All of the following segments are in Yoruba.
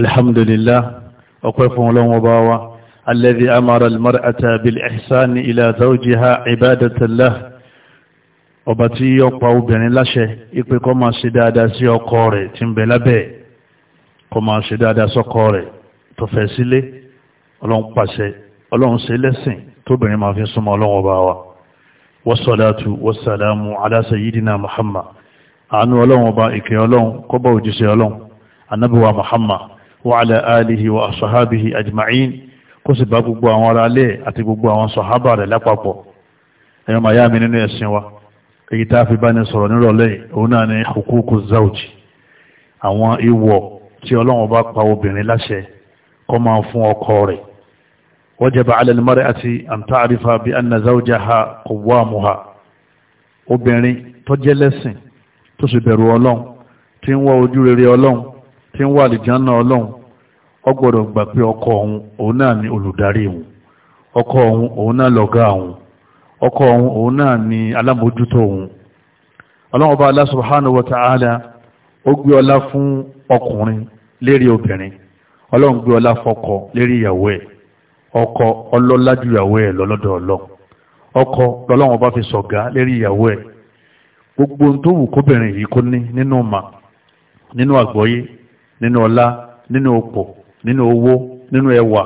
alhamdulillah ọpẹ́ fún ọlọ́run ọba wa alladhi amara almar'ata bil ihsan ila zawjiha ibadatan lah ọba tí ó pa obìnrin láṣẹ ipe kó máa ṣe dáadáa sí ọkọ rẹ̀ tí ń bẹ lábẹ́ kó máa ṣe dáadáa sọ́kọ rẹ̀ tó fẹ́ sílé ọlọ́run pàṣẹ ọlọ́run ṣe lẹ́sìn tóbìnrin máa fi súnmọ́ ọlọ́run ọba wa wassalatu wassalamu ala sayyidina muhammad àánú ọlọ́run ọba ìkẹ́ ọlọ́run kó òjíṣẹ́ ọlọ́run anábíwá muhammad وعلى آله وأصحابه أجمعين kó sì bá gbogbo àwọn ará alẹ́ àti gbogbo àwọn sọ̀hábà rẹ̀ lápapọ̀ ẹ̀yọ́ ma yá mi nínú ẹ̀sìn wa èyí tá fi bá ní sọ̀rọ̀ nírọ̀lẹ́ òun náà ni hukuku zauji àwọn ìwọ̀ tí ọlọ́run bá pa obìnrin láṣẹ kọ́ máa fún ń wá ojú rere ọlọ́run tí ń wà àlìjánná ọ gbọdọ gbọ́dọ̀ gbà ọkọ òun òun náà ni olùdarí ọkọ òun òun náà ọkọ òun òun náà ni alámòójútó òun ọlọ́run ọba Allah ala ó gbé ọlá fún ọkùnrin lérí obìnrin ọlọ́run gbé ọlá ọkọ ọlọ́lá ju ìyàwó ẹ̀ ọkọ lọ́lọ́run fi sọ̀gá lérí gbogbo ohun tó wù kóbìnrin yìí kó ní nínú nínú ọlá nínú ọ̀pọ̀ nínú owó nínú ẹwà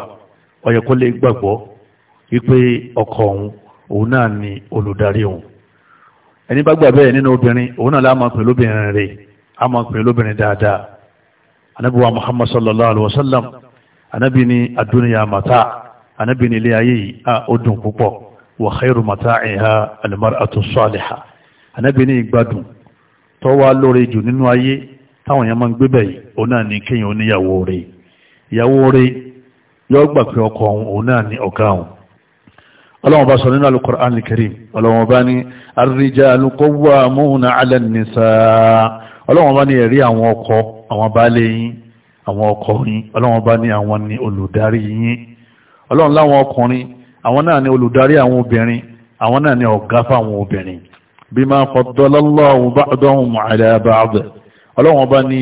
ó yẹ kó lè gbàgbọ́ wípé ọkọ òun òun náà ni olùdarí òun ẹni bá gbà bẹ́ẹ̀ nínú obìnrin òun náà láàmà pè lóbìnrin rẹ̀ àmà pè lóbìnrin dáadáa anábì wa muhammad sallallahu alaihi wa sallam anábì ni adúniya mata anábì ni ilé ayé yìí a ó dùn púpọ̀ wa khairu mata'iha al-mar'atu salihah anábì ni ìgbádùn tó lórí jù nínú ayé táwọn èèyàn máa ń gbé bẹ̀ yìí òun náà ni kéèyàn oníyàwó rẹ̀ ìyàwó rẹ̀ yóò gbà pé ọkọ òun òun náà ni ọ̀gá òun ọlọ́wọ́n bá sọ nínú al-Qur'an al-Karim ọlọ́wọ́n bá ní ar-rijalu qawwamuna 'ala an-nisaa ọlọ́wọ́n bá ní ẹ̀rí àwọn ọkọ àwọn baálé yín àwọn ọkọ yín ọlọ́wọ́n bá ní àwọn ni olùdarí yín ọlọ́wọ́n láwọn ọkùnrin àwọn náà ni olùdarí àwọn obìnrin àwọn náà ni ọ̀gá fáwọn obìnrin bima faddala Allahu ba'dahum 'ala ba'd ọlọ́wọ́n ọba ní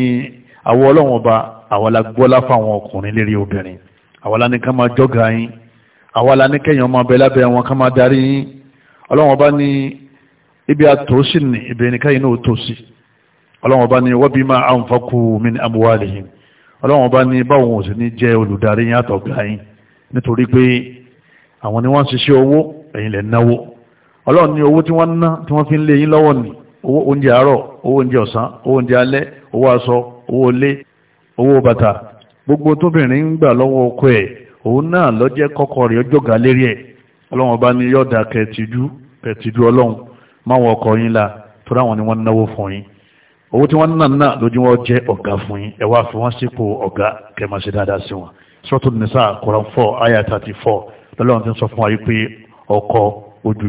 àwọ ọlọ́wọ́n ọba àwọlá gbọ́lá fáwọn ọkùnrin lérí obìnrin àwọlá ní ká máa jọ́gà yín àwọlá ní kẹ́yàn máa bẹ lábẹ́ wọn ká máa darí yín ọlọ́wọ́n ọba ní ibi àtòsí ní ìbẹ̀rẹ̀ káyìn náà tòsí ọlọ́wọ́n ọba ní wọ́n bí máa àǹfọ́kù min amwalihim ọlọ́wọ́n ọba ní báwọn ò sì ní jẹ́ olùdarí yín àtọ̀gá yín nítorí pé àwọn ni wọ́n ṣiṣẹ́ owó ẹ̀yin lẹ̀ náwó ọlọ́run ní owó tí wọ́n ná tí wọ́n fi ń lé yín lọ́wọ́ nìí owó oúnjẹ àárọ̀ owó oúnjẹ ọ̀sán owó oúnjẹ alẹ́ owó aṣọ owó olé owó bàtà gbogbo tóbìnrin ń gbà lọ́wọ́ ọkọ ẹ̀ òun náà lọ́jẹ́ kọ́kọ́ rẹ̀ ọjọ́ ga ẹ̀ ọlọ́run ọba ní ọkọ yín la torí àwọn ni wọ́n náwó fún yín owó tí wọ́n náà lójú wọn jẹ́ ọ̀gá fún yín ẹ fi wọ́n sípò ọ̀gá kẹmàṣẹ́ dáadáa sí sọ wa yìí pé ọkọ ojú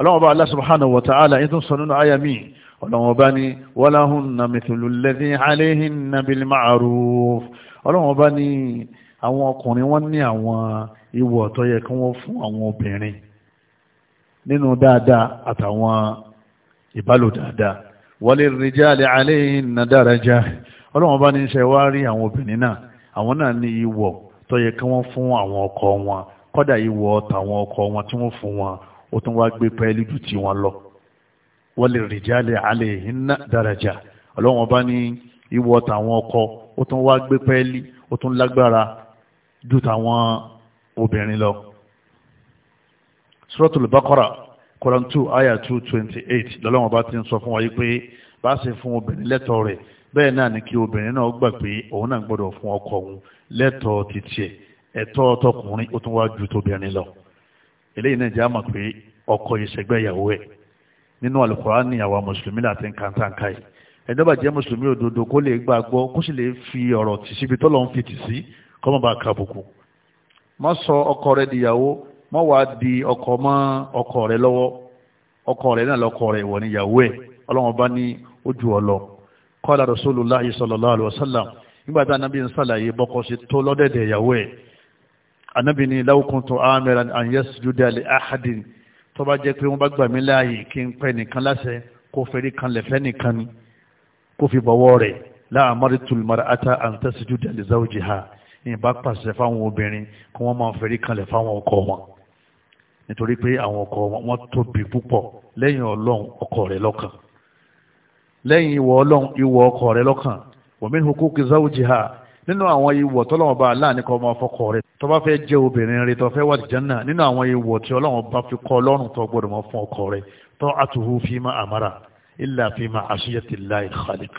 ọlọ́wọ́n bá Allah subhanahu wa ta'ala yìí tún sọ nínú àyà míì ọlọ́wọ́n bá ní walahunna mithlu alladhi alayhinna bil ma'ruf ọlọ́wọ́n bá ní àwọn ọkùnrin wọ́n ní àwọn ìwọ̀ tó yẹ kí wọ́n fún àwọn obìnrin nínú dáadáa àtàwọn ìbálò dáadáa walirrijali alayhinna daraja náà ní ìwọ̀ tó yẹ kí wọ́n fún àwọn ọkọ wọn kọ́dà ìwọ̀ tàwọn ọkọ wọn tí wọ́n fún wọn ó tún wá gbé pẹ́ẹ́lí ju ti wọn lọ wọ́n lè rìjálè alẹ́ hinna daraja ọlọ́run ọba ní ìwọ tàwọn ọkọ ó tún wá gbé pẹ́ẹ́lí ó tún lágbára ju tàwọn obìnrin lọ. suratul baqara Quran two aya two twenty eight lọ́lọ́run ọba ti ń sọ fún wa yìí pé bá a ṣe fún obìnrin lẹ́tọ̀ọ́ rẹ̀ bẹ́ẹ̀ náà ni kí obìnrin náà gbà pé òun náà gbọ́dọ̀ fún ọkọ òun lẹ́tọ̀ọ́ títí ẹ̀tọ́ ọtọkùnrin ó tún wá ju tóbìnrin lọ eléyìí náà jẹ́ àmọ̀ pé ọkọ ìṣẹ̀gbẹ́ ìyàwó ẹ̀ nínú Al-Qur'an ní àwa mùsùlùmí láti ń kàńtàǹkà yìí ẹ̀dọ́bà jẹ́ mùsùlùmí òdodo kó lè gbà gbọ́ kó sì lè fi ọ̀rọ̀ tì síbi tọ́lọ́ ń fi tì sí kọ́ mọ́ bá ka àbùkù má sọ ọkọ rẹ dìyàwó má wàá di ọkọ mọ́ ọkọ rẹ lọ́wọ́ ọkọ rẹ náà lọkọ rẹ ìwọ níyàwó ẹ̀ ọlọ́wọ́n bá ní ojú ọlọ qala Rasulullahi sallallahu alaihi wasallam nígbà tá anábì ń sàlàyé bọ́kọ sí anábì ní law kuntu amiran an yasjuda li ahadin tó bá jẹ́ pé wọ́n bá gbà mí láàyè kí n pẹ́ nìkan láṣẹ kó fẹ́rí kan lẹ̀fẹ́ nìkan ni kó fi bọ̀wọ́ rẹ̀ la amartul mar'ata an tasjuda li zawjiha ìyìnbá pàṣẹ fáwọn obìnrin kí wọ́n máa fẹ́rí kan lẹ̀ fáwọn ọkọ wọn nítorí pé àwọn ọkọ wọn tóbi púpọ̀ lẹ́yìn ọlọ́run ọkọ rẹ̀ lọ́kàn lẹ́yìn ìwọ ọlọ́run ìwọ ọkọ rẹ̀ lọ́kàn wa min huquqi zawjiha nínú àwọn ìwọ̀ tí ọlọ́run bá láàánú kọ́ ọmọ ọfọkọ rẹ̀ tó bá fẹ́ jẹ́ obìnrin rẹ̀ tó fẹ́ wà jẹ́nà nínú àwọn ìwọ̀ tí ọlọ́run bá fi kọ́ ọlọ́run tó gbọ́dọ̀ mọ́ fún ọkọ rẹ̀ tó àtúhù fíìmà àmàrà ilà fíìmà àṣeyẹtìlá ìkàlẹ̀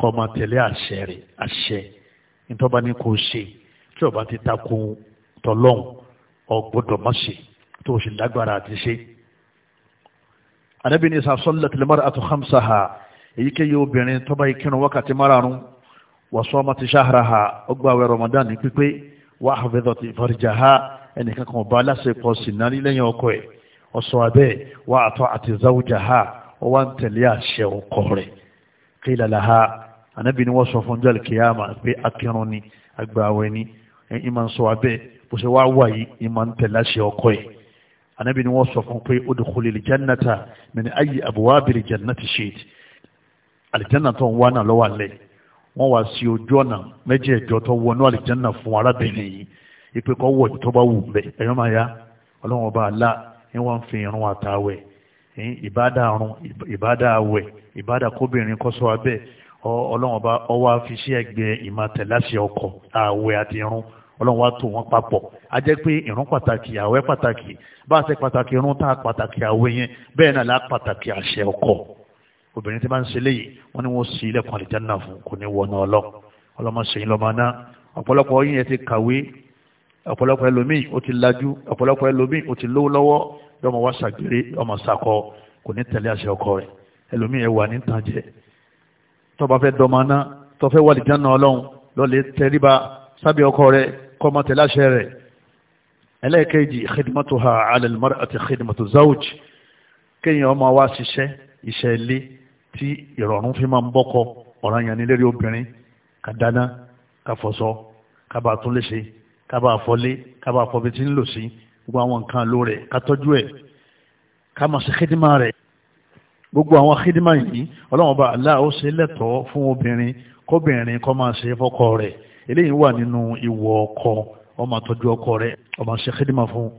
kọ́ máa tẹ̀lé àṣẹ rẹ̀ àṣẹ ìtọ́ba ní kò ṣe tí ọba ti takun tọlọ́run ọgbọ́dọ̀ má ṣe tó o sì lágbára àti ṣe. anábìnrin sàṣọ́lẹ̀ wàsọ́mà ti ṣáharaha ọgbà àwẹ̀ Ramadan ní pípé wà àfẹ́dọ̀ ti ìfọ̀rìjàha ẹnìkan kan ọba aláṣepọ̀ sínà nílẹ̀yìn ọkọ ẹ̀ ọ̀sọ̀ abẹ́ wà àtọ́ àti záwùjàha ó wá ń tẹ̀lé àṣẹ ọkọ rẹ̀ qila laha ànábì ni wọ́n sọ fún jọ́lì kìyàmà pé akẹrun ni àgbà àwẹ̀ ni ìmọ̀ ń sọ abẹ́ bó ṣe wá wà yìí ìmọ̀ ń tẹ̀lé àṣẹ ọkọ ẹ̀ ànábì ni wọ́n sọ fún pé udkhuli l-jannata min ayyi abwabil jannati shi'ti àlìjánà tó ń wá náà lọ́wọ́ àlẹ́ wọ́n wá sí ojú ọ̀nà mẹ́jẹ̀ẹ̀jọ tó wọnú àlìjánà fún arábìnrin yìí ìpè kọ́ wọ̀ tó bá wù bẹ́ẹ̀ ẹ̀yọ́ máa ya ọlọ́run ọba àlá ni wọ́n fi irun àtàwẹ̀ ìbádà àrùn ìbádà àwẹ̀ ìbádà kóbìnrin kọ́sọ́ abẹ́ ọlọ́run ọba ọwọ́ àfiṣe ẹgbẹ́ ìmọ̀tẹ̀láṣẹ ọkọ àwẹ̀ àti irun ọlọ́run wa tó wọn papọ̀ a jẹ́ pé irun pàtàkì àwẹ̀ pàtàkì bá a ṣe pàtàkì irun tá a pàtàkì àwẹ̀ yẹn bẹ́ẹ̀ náà lá pàtàkì àṣẹ ọkọ obìnrin tí bá ń ṣe léyìí wọ́n ní wọ́n sí ilẹ̀kùn àlìjáná fún kò ní wọnà ọlọ́run ọlọ́mọ sẹ́yìn náà ọ̀pọ̀lọpọ̀ yìí ti kàwé ọ̀pọ̀lọpọ̀ ẹlòmíì ó ti lajú ọ̀pọ̀lọpọ̀ ẹlòmíì ó ti lówó lọ́wọ́ yọmọ wá ṣàgbére ọmọ ṣàkọ kò ní tẹ̀lé àṣẹ ọkọ rẹ̀ ẹlòmíì ẹ wà ní tàjẹ́ tó bá fẹ́ náà tó fẹ́ wà àlìjáná ọlọ́run tẹríba sábẹ́ ọkọ rẹ̀ kọ́ mọ́ tẹ̀lé tí ìrọ̀rùn fi máa ń bọ́kọ ọ̀ràn yẹn ní lérí obìnrin ká dáná ká fọṣọ ká bá tún lè ṣe ká bá fọlé ká bá fọbi tí ń lò sí gbogbo àwọn nǹkan ló rẹ̀ ká tọ́jú ẹ̀ ká máa ṣe xidima rẹ̀ gbogbo àwọn xidima yìí ọlọ́run bá Allah ó ṣe lẹ́tọ̀ọ́ fún obìnrin kóbìnrin kó máa ṣe fọ́kọ rẹ̀ eléyìí wà nínú ìwọ ọkọ ó máa tọ́jú ọkọ rẹ̀ ó máa ṣe xidima fún un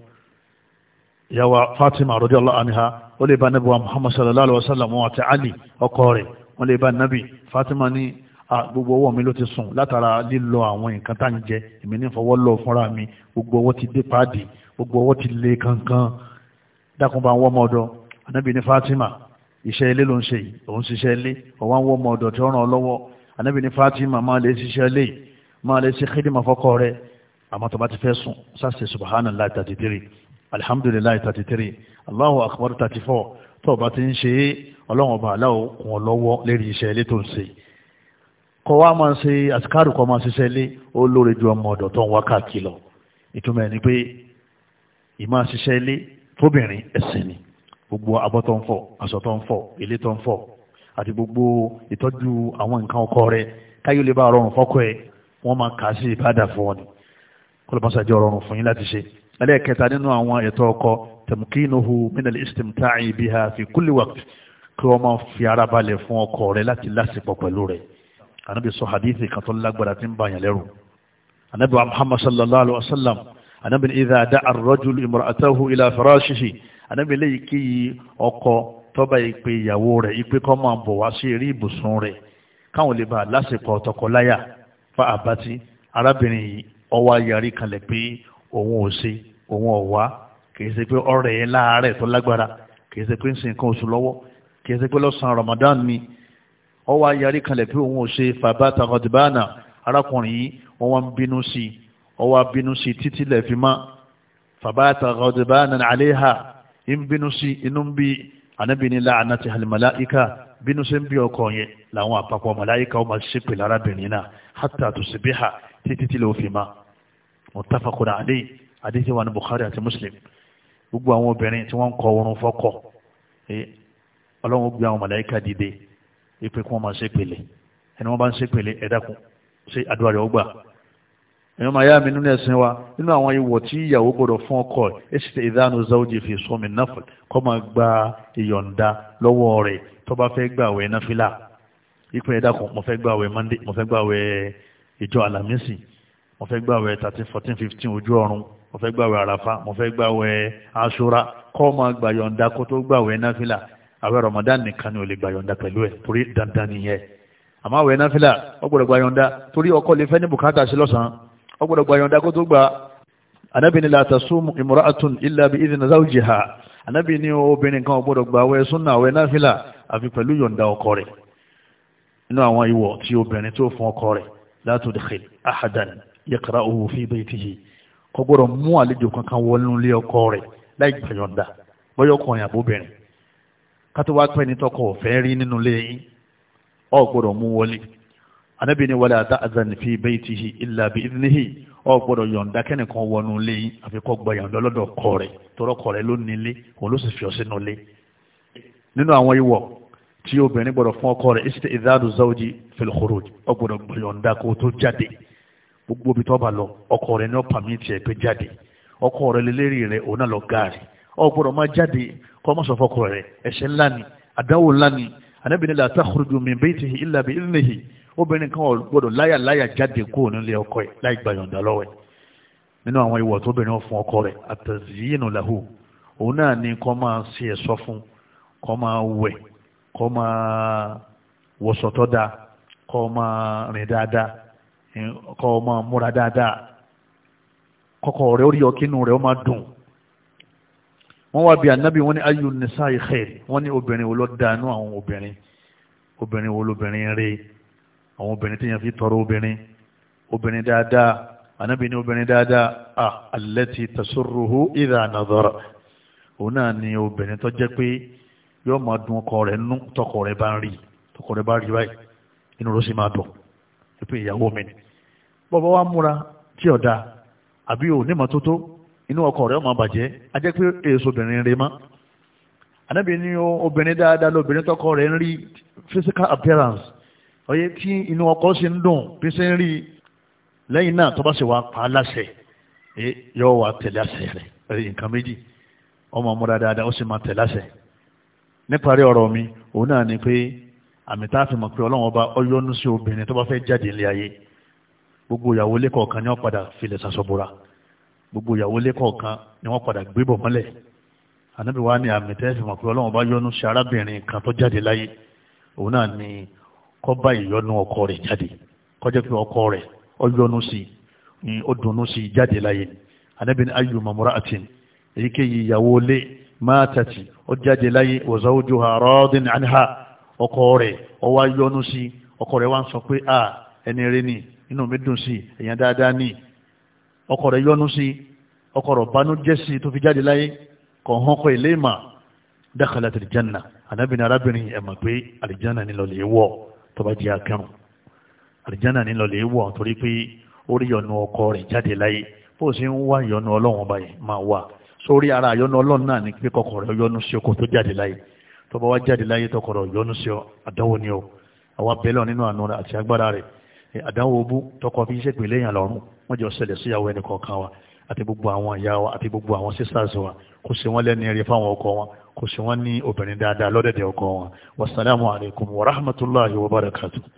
ìyàwó Fatima radiyallahu anha ó lè bá nàbí wa Muhammad sallallahu alaihi wasallam wọn àti Ali ọkọ rẹ̀ wọ́n lè bá nàbí Fatima ní gbogbo ọwọ́ mi ló ti sùn látara lílọ àwọn nǹkan tá ń jẹ èmi ní fọwọ́ lọ fúnra mi gbogbo ọwọ́ ti dé páàdì gbogbo ọwọ́ ti lé kankan dákun bá ń wọ́ ọmọ ọ̀dọ̀ anábì ní Fatima iṣẹ́ ilé ló ń ṣe òun ṣiṣẹ́ ilé ọ̀wá ń wọ́ ọmọ tí ó ràn ọ́ lọ́wọ́ anábì ní Fatima máa lè ṣiṣẹ́ ilé máa lè ṣe kéde màfọ́kọ rẹ̀ àmọ́ tó bá ti fẹ́ sùn sáṣẹ subhanallah tàbí alhamdulilayi thirty three allahu akbar thirty four tó o bá ti ń ṣe é ọlọ́run ọba aláwọ̀ kún ọ lọ́wọ́ lérí iṣẹ́ ilé tó ń ṣe kọ́ wa máa ṣe àtikárù kọ́ máa ṣiṣẹ́ ilé ó lóore ju ọmọ ọ̀dọ̀ tó ń wá káàkiri lọ ìtumọ̀ ẹ̀ ni pé ìmọ̀ ṣiṣẹ́ ilé fóbìnrin ẹ̀sìn ni gbogbo abọ́ tó ń fọ̀ aṣọ tó ń fọ̀ ilé tó ń fọ̀ àti gbogbo ìtọ́jú àwọn nǹkan ọkọ rẹ káyọ̀ lè bá rọrùn fọ́kọ ẹ wọ́n máa kà á sí ìbádà fún ọ ni kọ́lọ́pàá ṣàjọ rọrùn fún yín láti ṣe ẹlẹ́ẹ̀kẹta nínú àwọn ẹ̀tọ́ ọkọ tẹ̀mùkínuhu minal istimta'i biha fi kulli waqt kí wọ́n máa fi ara balẹ̀ fún ọkọ rẹ̀ láti lásìkò pẹ̀lú rẹ̀ anábì sọ hadithi kan tó lágbára tí ń bàyàn lẹ́rù anábì muhammad sallallahu alaihi wa sallam anábì idha da'a ar-rajulu imra'atahu ila firashihi anábì lẹ́yìn kí ọkọ tọ́ba ìpè ìyàwó rẹ̀ ìpè kọ́ máa bọ̀ wá sí eré ibùsùn rẹ̀ káwọn lè bá lásìkò tọkọláyà fa àbátí arábìnrin yìí ọwọ́ ayarí kalẹ̀ pé òun ò ṣe òun ò wá kìí ṣe pé ọ̀rẹ́ yẹn láàárẹ̀ tó lágbára kìí ṣe pé ń sin nǹkan oṣù lọ́wọ́ kìí ṣe pé lọ́sàn-án Ramadan ni ọ wá yarí kanlẹ̀ pé òun ò ṣe fàbá takodibana arákùnrin yìí wọ́n wá ń bínú sí i ọ wá bínú sí i títí lẹ̀ fi má fàbá takodibana àléhà ń bínú sí inú ń bí anábìnrin láàánà ti halimala ika bínú sí ń bí ọkọ yẹn làwọn àpapọ̀ màláìka ọmọ ṣépè lárábìnrin náà hátà tó ṣe bí ha títí tí lè fi má muttafaqun alayhi àdéhìí wà ní Bukhari àti Muslim gbogbo àwọn obìnrin tí wọ́n ń kọ oorun fọ́kọ eh, ọlọ́run gbé àwọn màláíkà dìde ipe kí wọ́n máa ṣe pẹ̀lẹ́ ẹni wọ́n bá ń ṣe pẹ̀lẹ́ ẹ̀dákun ṣe àdúrà rẹ̀ ó gbà máa yá mi nínú ẹ̀sìn wa nínú àwọn ìwọ̀ tí ìyàwó gbọ́dọ̀ fún ọkọ ẹ̀ṣẹ̀ ìdánù záwọ́jì fi sọmi náfọ̀ kọ́ máa gba ìyọ̀ǹda lọ́wọ́ rẹ̀ tó bá fẹ́ gbàwẹ̀ náfìlà ipe ẹ̀dákun mo fẹ́ gbàwẹ̀ Monday mo fẹ́ gbàwẹ̀ ìjọ àlàmísì mo fẹ́ gbàwẹ̀ thirteen fourteen fifteen ojú ọ̀run mo fẹ́ gbàwẹ̀ àràfà mo fẹ́ gbàwẹ̀ aṣọra kọ́ máa gbàyọ̀ǹda kó tó gbàwẹ̀ náfìlà àwẹ̀ Ramadan nìkan ni ò lè gbàyọ̀ǹda pẹ̀lú ẹ̀ torí dandan nìyẹn àmọ́ àwẹ̀ náfìlà ó gbọ́dọ̀ gbàyọ̀ǹda torí ọkọ lè fẹ́ ní bùkátà sí lọ́sàn-án gbàyọ̀ǹda kó tó gbà Ànábì ní la tasumu imra'atun illa bi idhni zawjiha Ànábì ní obìnrin kan ò gbọ́dọ̀ gbàwẹ̀ sunna àwẹ̀ náfìlà àfi pẹ̀lú yọ̀ǹda ọkọ rẹ̀ inú àwọn ìwọ̀ tí obìnrin tó fún ọkọ rẹ̀ la ahadan yaqra'uhu fi baytihi kò gbọ́dọ̀ mú àlejò kankan wọnú ilé ọkọ rẹ̀ láì gbàyọ̀ǹda bọ́yọ̀kùnrin àbóbìnrin kátó wá pẹ́ ní tọkọ ọ̀fẹ́ rí nínú ilé yín ò gbọ́dọ̀ mú wọlé anábì ni wala ta'zan fi baytihi illa bi idnihi ò gbọ́dọ̀ yọ̀ǹda kẹ́nìkan wọnú ilé yín àfikọ́ gbàyọ̀ǹda lọ́dọ̀ ọkọ rẹ̀ tọrọkọ rẹ̀ ló nílé òun ló sì fi ọ sínú ilé nínú àwọn ìwọ̀ tí obìnrin gbọ́dọ̀ fún ọkọ rẹ̀ ìsìtẹ̀ ìdáàdù zawji fil khuruj ò gbọ́dọ̀ gbàyọ̀ǹda kó tó jáde gbogbo ibi tó bá lọ ọkọ rẹ ní ọ̀pá mi tiẹ̀ pé jáde ọkọ rẹ lélẹ́rì rẹ òun náà lọ gaari ọ gbọ́dọ̀ máa jáde kọ́ mọ́ rẹ ẹ̀ṣẹ̀ ńlá ni àdánwò ńlá ni anábìíní la takhruju min baytihi illa obìnrin kan gbọ́dọ̀ láyà láyà jáde kúrò nílé ọkọ ẹ̀ láì yọ̀ǹda nínú àwọn ìwọ̀ fún ọkọ kọ́ ọ máa múra dáadáa kọ́kọ́ rẹ̀ ó rí ọkínú rẹ̀ ó máa dùn wọ́n wá bí anábì wọ́n ní ayu nisa'i khair wọ́n ní obìnrin wo ló dánú àwọn obìnrin obìnrin wo lóbìnrin rẹ̀ àwọn obìnrin tí yẹn fi tọrọ obìnrin obìnrin dáadáa anábì ní obìnrin dáadáa ah allati tasurruhu idha nadhara òun náà ni obìnrin tó jẹ́ pé yóò máa dùn ọkọ rẹ̀ nú tọkọ rẹ̀ bá ń rí tọkọ rẹ̀ bá rí báyìí inú ló sì máa dùn pé ìyàwó mi ni bọ́bọ́ wa múra tí ọ̀dà àbí ò nímọ̀ tó tó inú ọkọ rẹ ó máa bàjẹ́ a jẹ́ pé èso obìnrin rẹ̀ mọ́ anábì ní obìnrin dáadáa lóbìnrin tọkọ rẹ ń rí physical appearance ọyẹ tí inú ọkọ sì ń dùn bí ṣe ń rí lẹ́yìn náà tọba pa á láṣẹ yọ wà àṣẹ nǹkan méjì ọmọ múra dáadáa ó sì máa àṣẹ níparí ọrọ mi òun náà ni pé àmì tá a fi pé ọba sí obìnrin tó bá fẹ́ jáde gbogbo ìyàwó ilé kọ̀ọ̀kan ni wọ́n padà filẹ̀ sàṣọ̀bùrà gbogbo ìyàwó ilé kọ̀ọ̀kan ni wọ́n padà gbébọ̀ mọ́lẹ̀ ànábì wa ni àmì tẹ́ fìmọ̀ pé ọlọ́run bá yọ́nú sí arábìnrin kan tó jáde láyé òun náà ni kó bá ìyọ́nú ọkọ rẹ̀ jáde kó jẹ́ pé ọkọ rẹ̀ ó yọ́nú sí ó dùnnú sí jáde láyé ànábì ni ayyu mamra'atin èyíkéyìí ìyàwó ilé mátàtì ó jáde láyé wa zawjuha radin anha ọkọ rẹ̀ ó wá yọ́nú sí ọkọ rẹ̀ wá ń sọ pé ẹni rẹ̀ ni inú mi dùn sí èèyàn dáadáa ní ọkọ rẹ̀ yọ́nú sí ọkọ rẹ̀ bànújẹ́ sí tó fi jáde láyé kọ̀ hàn kọ ilé ìmọ̀ dákàlà tẹ̀lé jẹ́nà anábìnrin arábìnrin ẹ̀ mọ̀ pé àlìjánà ní lọ lè wọ̀ tó bá jẹ́ akẹ́rùn àlìjánà ní lọ lè wọ̀ torí pé ó rí yọ́nú ọkọ rẹ̀ jáde láyé bó ṣe ń wá yọ́nú ọlọ́run ọba yìí máa wà sórí ara yọ́nú ọlọ́run náà ní pé kọkọ rẹ̀ yọ́nú sí ọkọ tó jáde láyé tó bá wá jáde láyé tọkọ rẹ̀ yọ́nú sí ọ àdánwò ni ọ àwa bẹ́lọ̀ nínú àánú àti agbára rẹ̀ àdánwò bú tọkọ fi iṣẹ́ pèlè yàn lọ́rùn wọ́n jọ ṣẹlẹ̀ síyàwó ẹnì kọ̀ọ̀kan wa àti gbogbo àwọn ìyá wa àti gbogbo àwọn sisters wa kò sí wọn lẹ́ni rí fáwọn ọkọ wọn kò sí wọn ní obìnrin dáadáa lọ́dẹ̀dẹ̀ ọkọ wọn wasalaamu wa rahmatulahi wa barakatu.